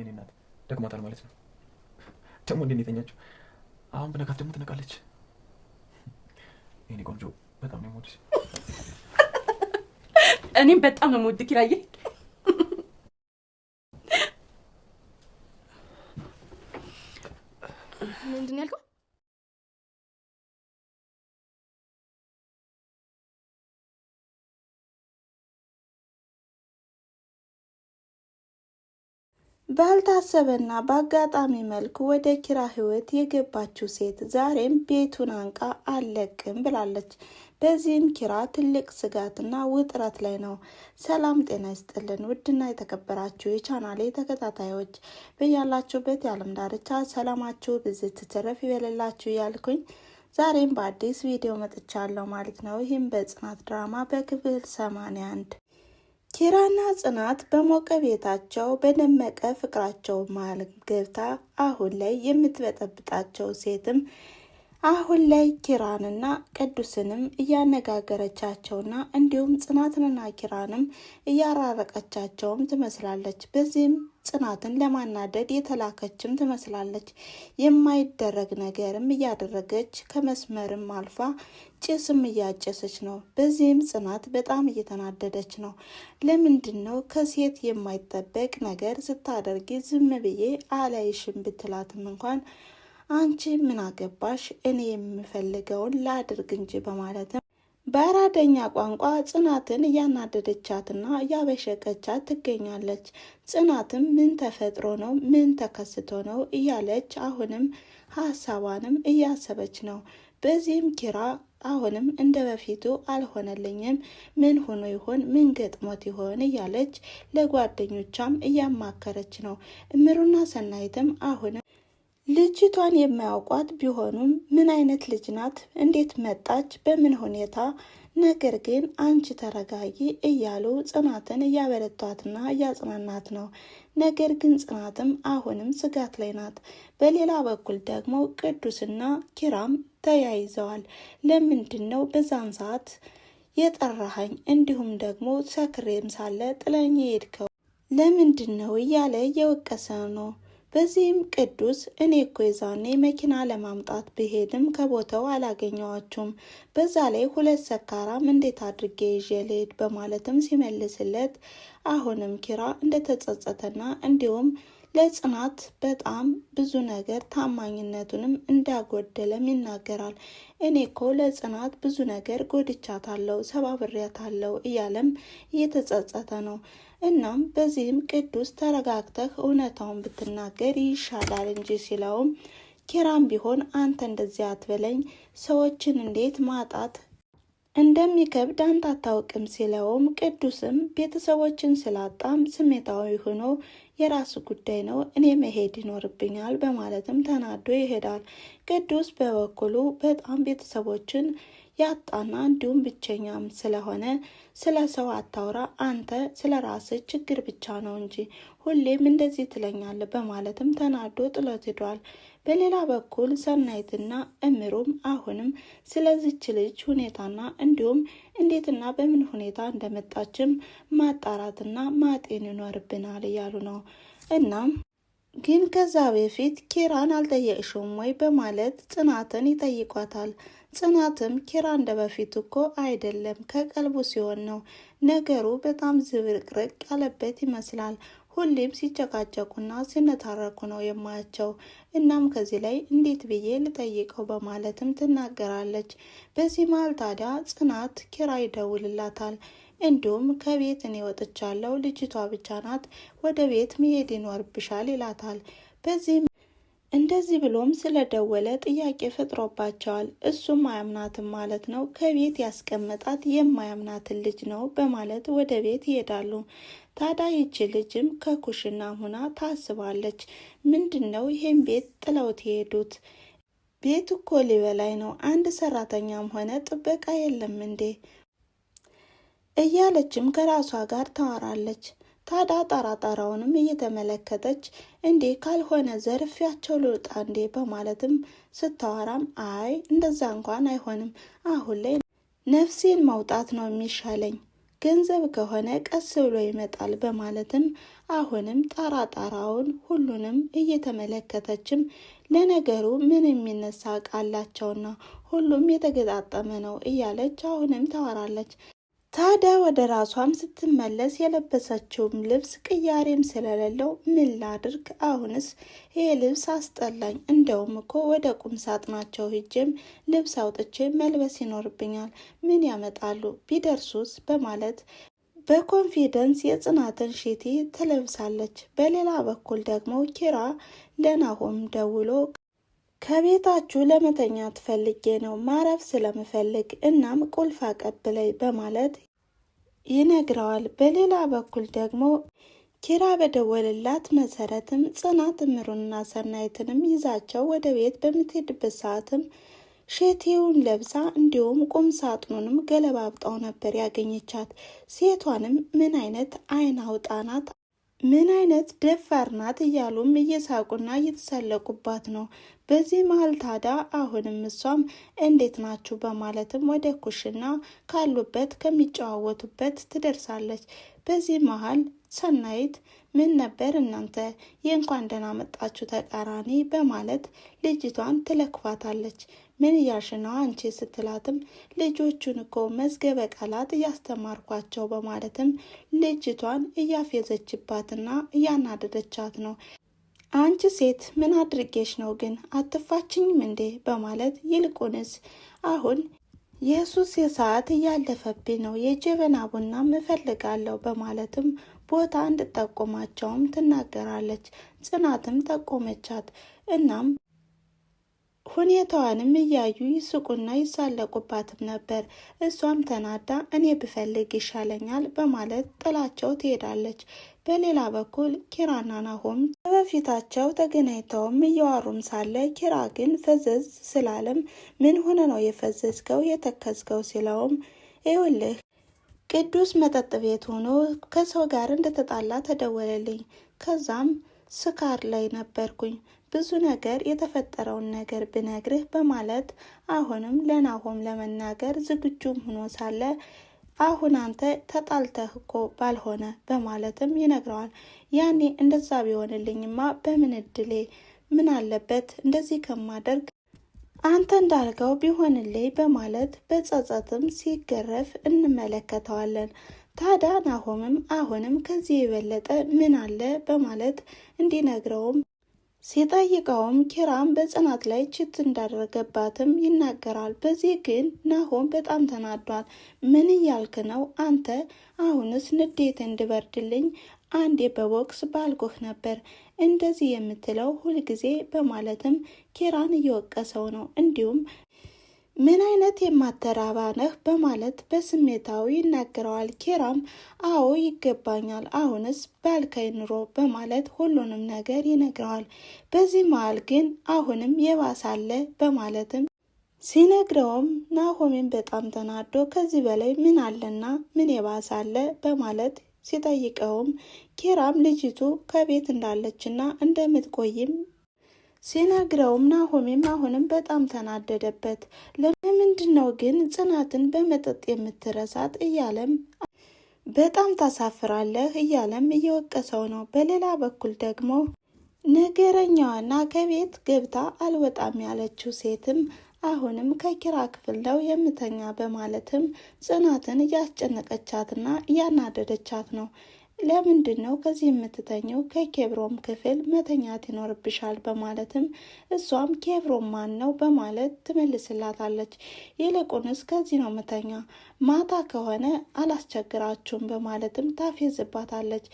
የኔ እናት ደክሟታል ማለት ነው። ደግሞ እንዴት ነው የተኛችው? አሁን ብነካት ደግሞ ትነቃለች። የኔ ቆንጆ በጣም ነው የምወድሽ። እኔም በጣም ነው የምወድ ኪራዬ። ባልታሰበና በአጋጣሚ መልኩ ወደ ኪራ ህይወት የገባችው ሴት ዛሬም ቤቱን አንቃ አለቅም ብላለች። በዚህም ኪራ ትልቅ ስጋትና ውጥረት ላይ ነው። ሰላም ጤና ይስጥልን ውድና የተከበራችሁ የቻናሌ ተከታታዮች በያላችሁበት የዓለም ዳርቻ ሰላማችሁ ብዝት ትረፍ ይበልላችሁ እያልኩኝ ዛሬም በአዲስ ቪዲዮ መጥቻለሁ ማለት ነው። ይህም በጽናት ድራማ በክፍል ሰማንያ አንድ ኪራና ጽናት በሞቀ ቤታቸው በደመቀ ፍቅራቸው መሃል ገብታ አሁን ላይ የምትበጠብጣቸው ሴትም አሁን ላይ ኪራንና ቅዱስንም እያነጋገረቻቸውና እንዲሁም ጽናትንና ኪራንም እያራረቀቻቸውም ትመስላለች። በዚህም ጽናትን ለማናደድ የተላከችም ትመስላለች። የማይደረግ ነገርም እያደረገች ከመስመርም አልፋ ጭስም እያጨሰች ነው። በዚህም ጽናት በጣም እየተናደደች ነው። ለምንድን ነው ከሴት የማይጠበቅ ነገር ስታደርጊ ዝም ብዬ አላይሽም ብትላትም እንኳን አንቺ ምን አገባሽ እኔ የምፈልገውን ላድርግ እንጂ በማለትም በአራደኛ ቋንቋ ጽናትን እያናደደቻትና እያበሸቀቻት ትገኛለች። ጽናትም ምን ተፈጥሮ ነው? ምን ተከስቶ ነው? እያለች አሁንም ሀሳቧንም እያሰበች ነው። በዚህም ኪራ አሁንም እንደ በፊቱ አልሆነልኝም፣ ምን ሆኖ ይሆን? ምን ገጥሞት ይሆን? እያለች ለጓደኞቿም እያማከረች ነው። እምሩና ሰናይትም አሁንም ልጅቷን የማያውቋት ቢሆኑም ምን አይነት ልጅ ናት? እንዴት መጣች? በምን ሁኔታ? ነገር ግን አንቺ ተረጋጊ እያሉ ጽናትን እያበረቷትና እያጽናናት ነው። ነገር ግን ጽናትም አሁንም ስጋት ላይ ናት። በሌላ በኩል ደግሞ ቅዱስና ኪራም ተያይዘዋል። ለምንድን ነው በዛን ሰዓት የጠራኸኝ? እንዲሁም ደግሞ ሰክሬም ሳለ ጥለኝ የሄድከው ለምንድን ነው እያለ እየወቀሰ ነው። በዚህም ቅዱስ እኔ እኮ የዛኔ መኪና ለማምጣት ብሄድም ከቦታው አላገኘዋችሁም፣ በዛ ላይ ሁለት ሰካራም እንዴት አድርጌ ይዤ ልሄድ በማለትም ሲመልስለት አሁንም ኪራ እንደተጸጸተና እንዲሁም ለጽናት በጣም ብዙ ነገር ታማኝነቱንም እንዳጎደለም ይናገራል። እኔ እኮ ለጽናት ብዙ ነገር ጎድቻታለሁ፣ ሰባብሬያታለሁ እያለም እየተጸጸተ ነው። እናም በዚህም ቅዱስ ተረጋግተህ እውነታውን ብትናገር ይሻላል እንጂ ሲለውም ኪራም ቢሆን አንተ እንደዚያ አትበለኝ፣ ሰዎችን እንዴት ማጣት እንደሚከብድ አንተ አታውቅም ሲለውም ቅዱስም ቤተሰቦችን ስላጣም ስሜታዊ ሆኖ የራሱ ጉዳይ ነው እኔ መሄድ ይኖርብኛል በማለትም ተናዶ ይሄዳል። ቅዱስ በበኩሉ በጣም ቤተሰቦችን ያጣና እንዲሁም ብቸኛም ስለሆነ ስለ ሰው አታውራ፣ አንተ ስለ ራስህ ችግር ብቻ ነው እንጂ ሁሌም እንደዚህ ትለኛለህ በማለትም ተናዶ ጥሎት ሄዷል። በሌላ በኩል ሰናይትና እምሩም አሁንም ስለዚች ልጅ ሁኔታና እንዲሁም እንዴትና በምን ሁኔታ እንደመጣችም ማጣራትና ማጤን ይኖርብናል እያሉ ነው። እናም ግን ከዛ በፊት ኪራን አልጠየቅሽም ወይ በማለት ጽናትን ይጠይቋታል። ጽናትም ኪራ እንደ በፊት እኮ አይደለም ከቀልቡ ሲሆን ነው ነገሩ በጣም ዝብርቅርቅ ያለበት ይመስላል ሁሌም ሲጨቃጨቁና ሲነታረኩ ነው የማያቸው። እናም ከዚህ ላይ እንዴት ብዬ ልጠይቀው በማለትም ትናገራለች። በዚህ መሀል ታዲያ ጽናት ኪራ ይደውልላታል። እንዲሁም ከቤት እኔ ወጥቻለሁ፣ ልጅቷ ብቻ ናት፣ ወደ ቤት መሄድ ይኖርብሻል ይላታል። በዚህም እንደዚህ ብሎም ስለደወለ ጥያቄ ፈጥሮባቸዋል። እሱም አያምናትም ማለት ነው፣ ከቤት ያስቀመጣት የማያምናትን ልጅ ነው በማለት ወደ ቤት ይሄዳሉ። ታዲያ ይቺ ልጅም ከኩሽና ሁና ታስባለች። ምንድን ነው ይህን ቤት ጥለውት የሄዱት? ቤት እኮ ሊበላይ ነው። አንድ ሰራተኛም ሆነ ጥበቃ የለም እንዴ? እያለችም ከራሷ ጋር ታወራለች። ታዳ ጠራጠራውንም እየተመለከተች እንዴ ካልሆነ ዘርፊያቸው ልውጣ እንዴ በማለትም ስታወራም፣ አይ እንደዛ እንኳን አይሆንም፣ አሁን ላይ ነፍሴን ማውጣት ነው የሚሻለኝ ገንዘብ ከሆነ ቀስ ብሎ ይመጣል በማለትም አሁንም ጣራ ጣራውን ሁሉንም እየተመለከተችም ለነገሩ ምን የሚነሳ ቃላቸውና ሁሉም የተገጣጠመ ነው እያለች አሁንም ታወራለች። ታዲያ ወደ ራሷም ስትመለስ የለበሰችውም ልብስ ቅያሬም ስለሌለው ምን ላድርግ? አሁንስ ይሄ ልብስ አስጠላኝ። እንደውም እኮ ወደ ቁም ሳጥናቸው ሂጄም ልብስ አውጥቼ መልበስ ይኖርብኛል። ምን ያመጣሉ ቢደርሱስ? በማለት በኮንፊደንስ የጽናትን ሽቲ ትለብሳለች። በሌላ በኩል ደግሞ ኪራ ለናሆም ደውሎ ከቤታችሁ ለመተኛት ፈልጌ ነው ማረፍ ስለምፈልግ እናም ቁልፍ አቀብለይ በማለት ይነግረዋል። በሌላ በኩል ደግሞ ኪራ በደወልላት መሰረትም ጽናት እምሩንና ሰናይትንም ይዛቸው ወደ ቤት በምትሄድበት ሰዓትም ሼቴውን ለብሳ እንዲሁም ቁም ሳጥኑንም ገለባብጣው ነበር ያገኘቻት። ሴቷንም ምን አይነት አይን አውጣ ናት ምን አይነት ደፋር ናት እያሉም እየሳቁና እየተሳለቁባት ነው። በዚህ መሀል ታዲያ አሁንም እሷም እንዴት ናችሁ በማለትም ወደ ኩሽና ካሉበት ከሚጨዋወቱበት ትደርሳለች። በዚህ መሀል ሰናይት ምን ነበር እናንተ የእንኳን ደህና መጣችሁ ተቃራኒ በማለት ልጅቷን ትለክፋታለች። ምን እያልሽ ነው አንቺ ስትላትም ልጆቹን እኮ መዝገበ ቃላት እያስተማርኳቸው በማለትም ልጅቷን እያፌዘችባትና እያናደደቻት ነው። አንቺ ሴት ምን አድርጌሽ ነው ግን አትፋችኝም እንዴ? በማለት ይልቁንስ አሁን የሱስ የሰዓት እያለፈብኝ ነው የጀበና ቡና እፈልጋለሁ በማለትም ቦታ እንድጠቁማቸውም ትናገራለች። ጽናትም ጠቆመቻት እናም ሁኔታዋንም እያዩ ይስቁና ይሳለቁባትም ነበር። እሷም ተናዳ እኔ ብፈልግ ይሻለኛል በማለት ጥላቸው ትሄዳለች። በሌላ በኩል ኪራና ናሆም በፊታቸው ተገናኝተውም እያዋሩም ሳለ ኪራ ግን ፈዘዝ ስላለም ምን ሆነ ነው የፈዘዝከው የተከዝከው ሲለውም ይውልህ ቅዱስ መጠጥ ቤት ሆኖ ከሰው ጋር እንደተጣላ ተደወለልኝ። ከዛም ስካር ላይ ነበርኩኝ ብዙ ነገር የተፈጠረውን ነገር ብነግርህ በማለት አሁንም ለናሆም ለመናገር ዝግጁም ሆኖ ሳለ አሁን አንተ ተጣልተህ እኮ ባልሆነ በማለትም ይነግረዋል። ያኔ እንደዛ ቢሆንልኝማ በምን እድሌ ምን አለበት እንደዚህ ከማደርግ አንተ እንዳልከው ቢሆንልኝ በማለት በጸጸትም ሲገረፍ እንመለከተዋለን። ታዲያ ናሆምም አሁንም ከዚህ የበለጠ ምን አለ በማለት እንዲነግረውም ሲጠይቀውም ኪራም በጽናት ላይ ችት እንዳደረገባትም ይናገራል። በዚህ ግን ናሆም በጣም ተናዷል። ምን እያልክ ነው አንተ? አሁንስ ንዴት እንድበርድልኝ አንዴ በቦክስ ባልኩህ ነበር እንደዚህ የምትለው ሁልጊዜ በማለትም ኪራን እየወቀሰው ነው እንዲሁም ምን አይነት የማተራባ ነህ በማለት በስሜታዊ ይናገረዋል። ኬራም አዎ ይገባኛል፣ አሁንስ ባልካይ ኑሮ በማለት ሁሉንም ነገር ይነግረዋል። በዚህ መሀል ግን አሁንም የባሳለ በማለትም ሲነግረውም ናሆሜን በጣም ተናዶ ከዚህ በላይ ምን አለና ምን የባሳለ በማለት ሲጠይቀውም ኬራም ልጅቱ ከቤት እንዳለችና እንደምትቆይም ሲነግረውም ናሆሜም አሁንም በጣም ተናደደበት። ለምንድን ነው ግን ጽናትን በመጠጥ የምትረሳት እያለም በጣም ታሳፍራለህ እያለም እየወቀሰው ነው። በሌላ በኩል ደግሞ ነገረኛዋና ከቤት ገብታ አልወጣም ያለችው ሴትም አሁንም ከኪራ ክፍል ነው የምተኛ በማለትም ጽናትን እያስጨነቀቻትና እያናደደቻት ነው። ለምንድን ነው ከዚህ የምትተኘው? ከኬብሮም ክፍል መተኛት ይኖርብሻል በማለትም እሷም ኬብሮም ማን ነው በማለት ትመልስላታለች። ይልቁንስ ከዚህ ነው ምተኛ፣ ማታ ከሆነ አላስቸግራችሁም በማለትም ታፌዝባታለች።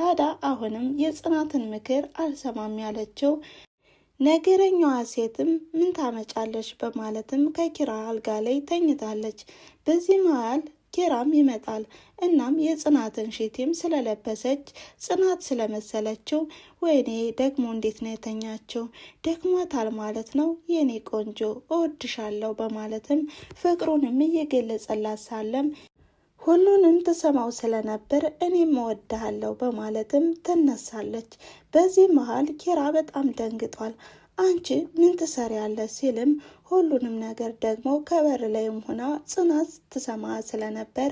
ታዲያ አሁንም የጽናትን ምክር አልሰማም ያለችው ነገረኛዋ ሴትም ምን ታመጫለች በማለትም ከኪራ አልጋ ላይ ተኝታለች። በዚህ መሀል ኪራም ይመጣል። እናም የጽናትን ሽቲም ስለለበሰች ጽናት ስለመሰለችው ወይኔ ደግሞ እንዴት ነው የተኛችው? ደክሟታል ማለት ነው የኔ ቆንጆ እወድሻለሁ በማለትም ፍቅሩንም እየገለጸላት ሳለም ሁሉንም ትሰማው ስለነበር እኔም እወድሃለሁ በማለትም ትነሳለች። በዚህ መሀል ኪራ በጣም ደንግጧል። አንቺ ምን ትሰሪያለሽ ሲልም ሁሉንም ነገር ደግሞ ከበር ላይም ሆና ጽናት ስትሰማ ስለነበር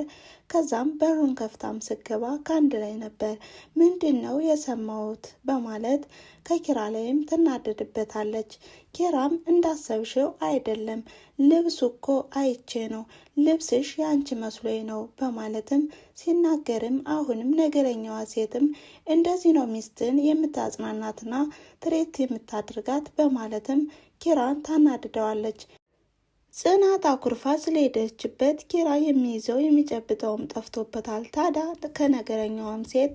ከዛም በሩን ከፍታም ስገባ ከአንድ ላይ ነበር። ምንድን ነው የሰማሁት በማለት ከኪራ ላይም ትናደድበታለች። ኪራም እንዳሰብሽው አይደለም፣ ልብሱ እኮ አይቼ ነው፣ ልብስሽ የአንቺ መስሎኝ ነው በማለትም ሲናገርም፣ አሁንም ነገረኛዋ ሴትም እንደዚህ ነው ሚስትን የምታጽናናትና ትሬት የምታደርጋት በማለትም ኪራን ታናድደዋለች። ጽናት አኩርፋ ስለሄደችበት ኪራ የሚይዘው የሚጨብጠውም ጠፍቶበታል። ታዲያ ከነገረኛዋም ሴት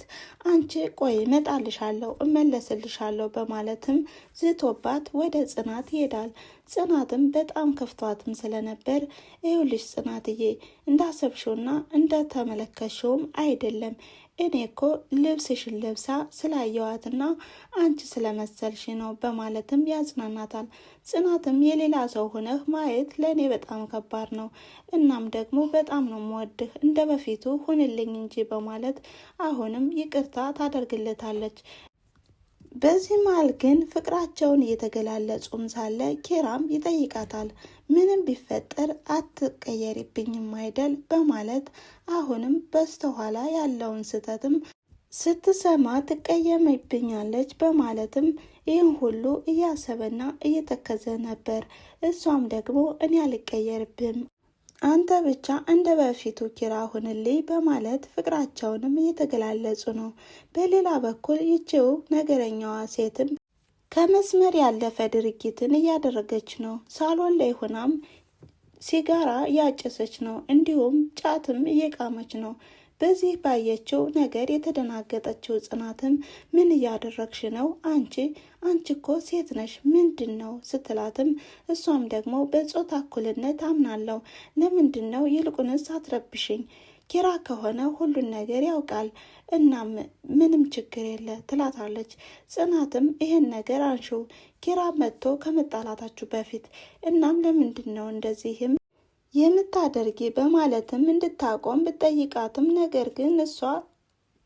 አንቺ ቆይ እመጣልሻለሁ፣ እመለስልሻለሁ በማለትም ዝቶባት ወደ ጽናት ይሄዳል። ጽናትም በጣም ከፍቷትም ስለነበር ይኸውልሽ ጽናትዬ እንዳሰብሽውና እንደተመለከትሽውም አይደለም እኔ እኮ ልብስሽን ለብሳ ስላየዋትና አንቺ ስለመሰልሽ ነው በማለትም ያጽናናታል። ጽናትም የሌላ ሰው ሆነህ ማየት ለእኔ በጣም ከባድ ነው። እናም ደግሞ በጣም ነው የምወድህ፣ እንደ በፊቱ ሁንልኝ እንጂ በማለት አሁንም ይቅርታ ታደርግለታለች። በዚህ መሀል ግን ፍቅራቸውን እየተገላለጹም ሳለ ኬራም ይጠይቃታል። ምንም ቢፈጠር አትቀየሪብኝም አይደል? በማለት አሁንም በስተኋላ ያለውን ስህተትም ስትሰማ ትቀየመብኛለች በማለትም ይህን ሁሉ እያሰበና እየተከዘ ነበር። እሷም ደግሞ እኔ አልቀየርብም አንተ ብቻ እንደ በፊቱ ኪራ ሁንልኝ በማለት ፍቅራቸውንም እየተገላለጹ ነው። በሌላ በኩል ይቺው ነገረኛዋ ሴትም ከመስመር ያለፈ ድርጊትን እያደረገች ነው። ሳሎን ላይ ሆናም ሲጋራ እያጨሰች ነው። እንዲሁም ጫትም እየቃመች ነው። በዚህ ባየችው ነገር የተደናገጠችው ጽናትም ምን እያደረግሽ ነው አንቺ አንቺ እኮ ሴት ነሽ ምንድን ነው ስትላትም እሷም ደግሞ በጾታ እኩልነት አምናለሁ ለምንድን ነው ይልቁንስ አትረብሽኝ ኪራ ከሆነ ሁሉን ነገር ያውቃል እናም ምንም ችግር የለ ትላታለች ጽናትም ይህን ነገር አንሺው ኪራ መጥቶ ከመጣላታችሁ በፊት እናም ለምንድን ነው እንደዚህም የምታደርጊ በማለትም እንድታቆም ብጠይቃትም ነገር ግን እሷ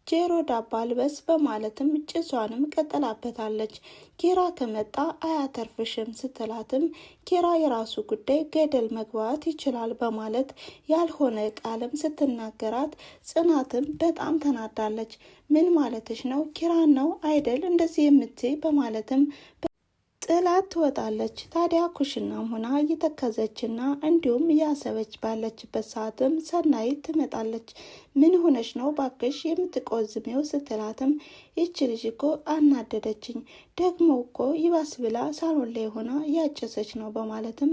ጄሮ ዳባ ልበስ በማለትም ጭሷንም ቀጠላበታለች። ኬራ ከመጣ አያተርፍሽም ስትላትም ኬራ የራሱ ጉዳይ ገደል መግባት ይችላል በማለት ያልሆነ ቃልም ስትናገራት ጽናትም በጣም ተናዳለች። ምን ማለትሽ ነው? ኪራን ነው አይደል እንደዚህ የምትይ? በማለትም ጥላት ትወጣለች። ታዲያ ኩሽናም ሆና እየተከዘችና እንዲሁም እያሰበች ባለችበት ሰዓትም ሰናይት ትመጣለች። ምን ሆነች ነው ባክሽ የምትቆዝሜው ስትላትም ይች ልጅ እኮ አናደደችኝ፣ ደግሞ እኮ ይባስ ብላ ሳሎን ላይ ሆና እያጨሰች ነው በማለትም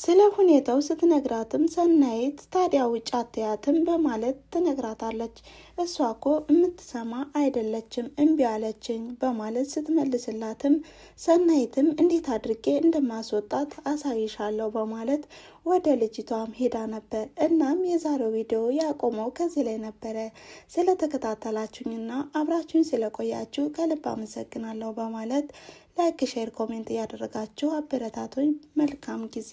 ስለ ሁኔታው ስትነግራትም ሰናይት ታዲያ ውጭ አትያትም በማለት ትነግራታለች። እሷ እኮ የምትሰማ አይደለችም እምቢ አለችኝ በማለት ስትመልስላትም ሰናይትም እንዴት አድርጌ እንደማስወጣት አሳይሻለሁ በማለት ወደ ልጅቷም ሄዳ ነበር። እናም የዛሬው ቪዲዮ ያቆመው ከዚህ ላይ ነበረ። ስለተከታተላችሁኝና አብራችሁኝ ስለቆያችሁ ከልብ አመሰግናለሁ በማለት ላይክ፣ ሼር፣ ኮሜንት እያደረጋችሁ አበረታቶኝ መልካም ጊዜ